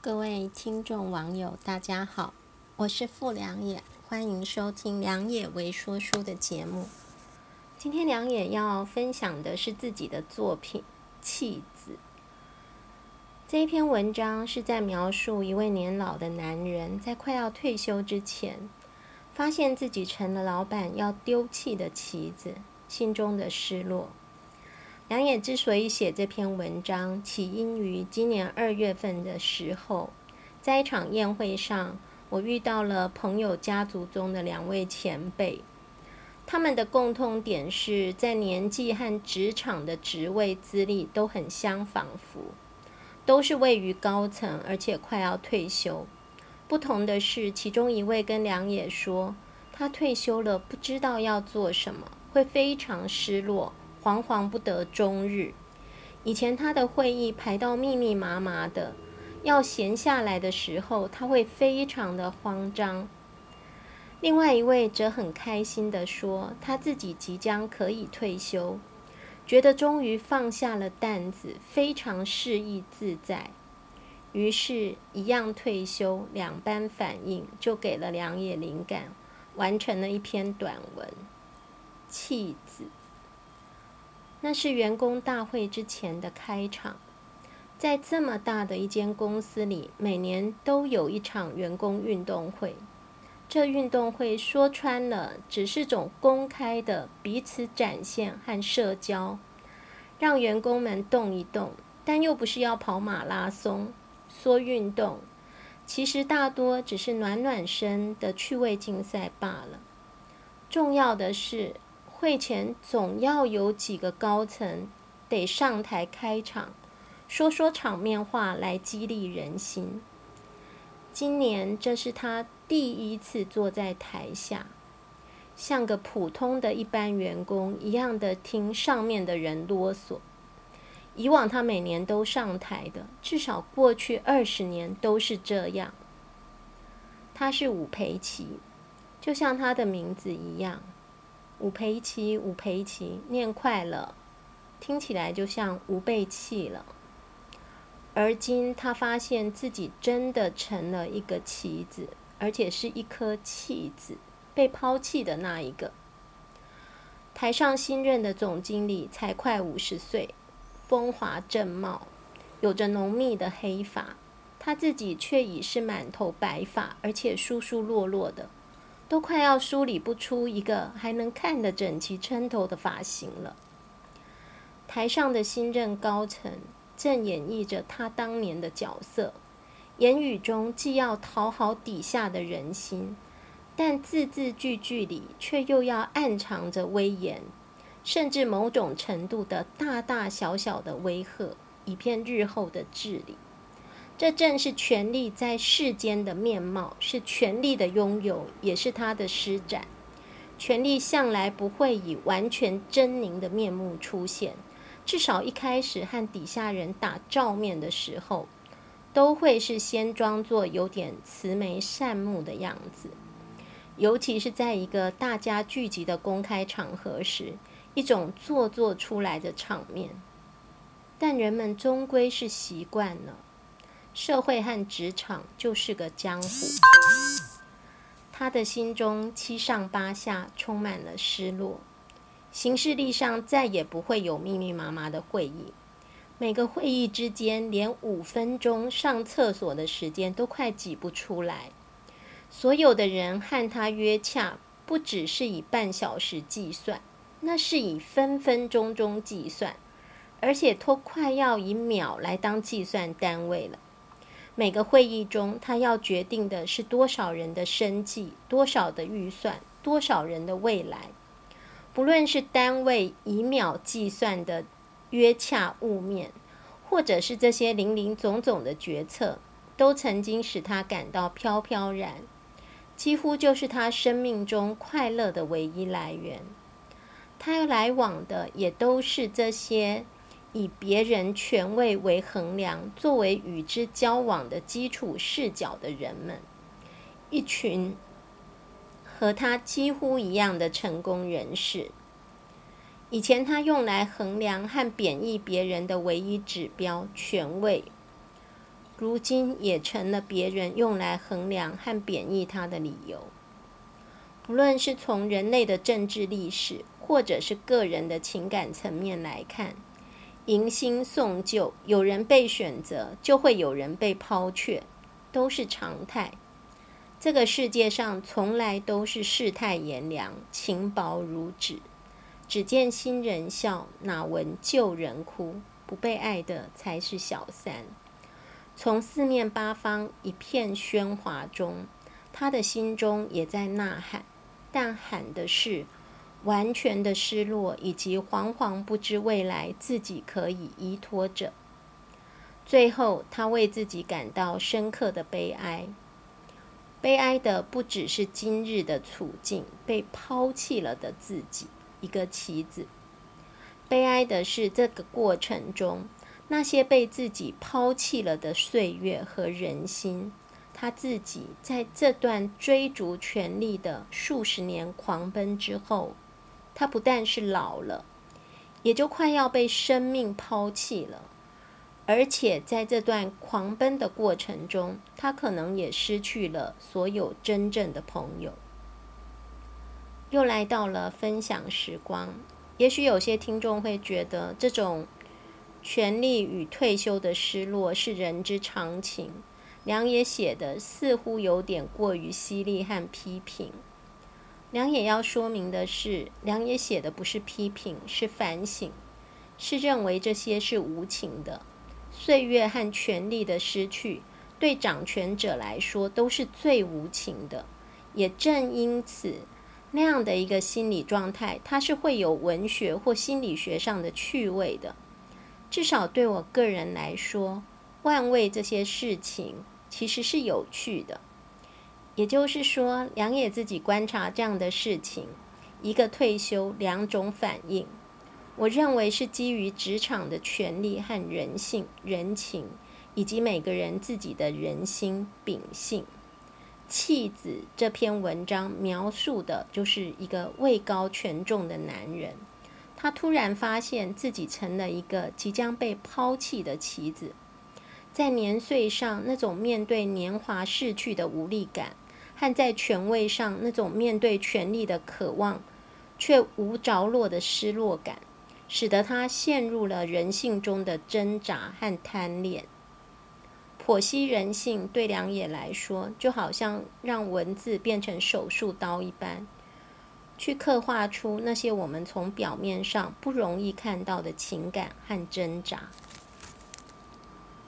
各位聽眾網友，大家好，我是傅良也，歡迎收聽良也微說書的節目。今天良也要分享的是自己的作品《棄子》。這一篇文章是在描述一位年老的男人在快要退休之前，發現自己成了老板要丟棄的棋子，心中的失落。梁良也之所以寫這篇文章，起因於今年二月份的時候，在一場宴會上，我遇到了朋友家族中的兩位前輩，他們的共通點是在年紀和職場的職位資歷都很相仿佛，都是位於高層，而且快要退休。不同的是，其中一位跟梁良也說，他退休了，不知道要做什麼，會非常失落，惶惶不得終日。以前他的會議排到密密麻麻的，要閒下來的時候，他會非常的慌張。另外一位則很開心地說，他自己即將可以退休，覺得終於放下了擔子，非常適意自在。於是，一樣退休，兩般反應就給了良也靈感，完成了一篇短文。棄子。那是員工大會之前的開場，在這麼大的一間公司裡，每年都有一場員工運動會。這運動會說穿了，只是種公開的彼此展現和社交，讓員工們動一動，但又不是要跑馬拉松，說運動，其實大多只是暖暖身的趣味競賽罷了。重要的是，會前總要有幾個高層得上台開場，說說場面話來激勵人心。今年這是他第一次坐在台下，像個普通的一般員工一樣的聽上面的人囉嗦。以往他每年都上台的，至少過去二十年都是這樣。他是伍培棋，就像他的名字一樣。伍培棋，伍培棋，唸快了，聽起來就像吾被棄了。而今他發現自己真的成了一個棋子，而且是一顆棄子，被拋棄的那一個。台上新任的總經理才快五十歲，風華正茂，有着濃密的黑髮，他自己卻已是滿頭白髮，而且疏疏落落的。都快要梳理不出一個還能看得整齊稱頭的髮型了。台上的新任高層正演繹着他當年的角色，言語中既要討好底下的人心，但字字句句裡卻又要暗藏着威嚴，甚至某種程度的大大小小的威嚇，以便日後的治理。這正是權力在世間的面貌，是權力的擁有，也是它的施展。權力向來不會以完全猙獰的面目出現，至少一開始和底下人打照面的時候，都會是先裝作有點慈眉善目的樣子，尤其是在一個大家聚集的公開場合時，一種作做出來的場面。但人們終歸是習慣了。社會和職場就是個江湖，他的心中七上八下，充滿了失落。行事曆上再也不會有密密麻麻的會議，每個會議之間連五分鐘上廁所的時間都快擠不出來。所有的人和他約洽，不只是以半小時計算，那是以分分鐘鐘計算，而且都快要以秒來當計算單位了。每個會議中，他要決定的是多少人的生計、多少的預算、多少人的未來。不論是單位以秒計算的約洽晤面，或者是這些零零總總的決策，都曾經使他感到飄飄然，幾乎就是他生命中快樂的唯一來源。他來往的也都是這些，以別人權位為衡量，作為與之交往的基礎視角的人們，一群和他幾乎一樣的成功人士，以前他用來衡量和貶抑別人的唯一指標——權位，如今也成了別人用來衡量和貶抑他的理由。不論是從人類的政治歷史，或者是個人的情感層面來看，迎新送舊，有人被選擇，就會有人被拋卻，都是常態。這個世界上從來都是世態炎涼，情薄如紙。只見新人笑，哪聞舊人哭。不被愛的才是小三。從四面八方一片喧嘩中，他的心中也在吶喊，但喊的是，完全的失落，以及惶惶不知未來，自己可以依託者。最後，他為自己感到深刻的悲哀。悲哀的不只是今日的處境，被拋棄了的自己，一個棋子。悲哀的是，這個過程中那些被自己拋棄了的歲月和人心。他自己在這段追逐權力的數十年狂奔之後。他不但是老了，也就快要被生命拋棄了，而且在這段狂奔的過程中，他可能也失去了所有真正的朋友。又來到了分享時光，也許有些聽眾會覺得，這種權力與退休的失落是人之常情。良也寫的似乎有點過於犀利和批評。良也要說明的是，良也寫的不是批評，是反省，是認為這些是無情的。歲月和權力的失去，對掌權者來說都是最無情的。也正因此，那樣的一個心理狀態，它是會有文學或心理學上的趣味的。至少對我個人來說，玩味這些事情其實是有趣的。也就是說，良也自己觀察這樣的事情，一個退休，兩種反應。我認為是基於職場的權力和人性、人情，以及每個人自己的人心秉性。棄子這篇文章描述的就是一個位高權重的男人，他突然發現自己成了一個即將被拋棄的棋子，在年歲上那種面對年華逝去的無力感。和在權位上，那種面對權力的渴望，卻無着落的失落感，使得他陷入了人性中的掙扎和貪戀。剖析人性，對良也來說，就好像讓文字變成手術刀一般，去刻畫出那些我們從表面上不容易看到的情感和掙扎。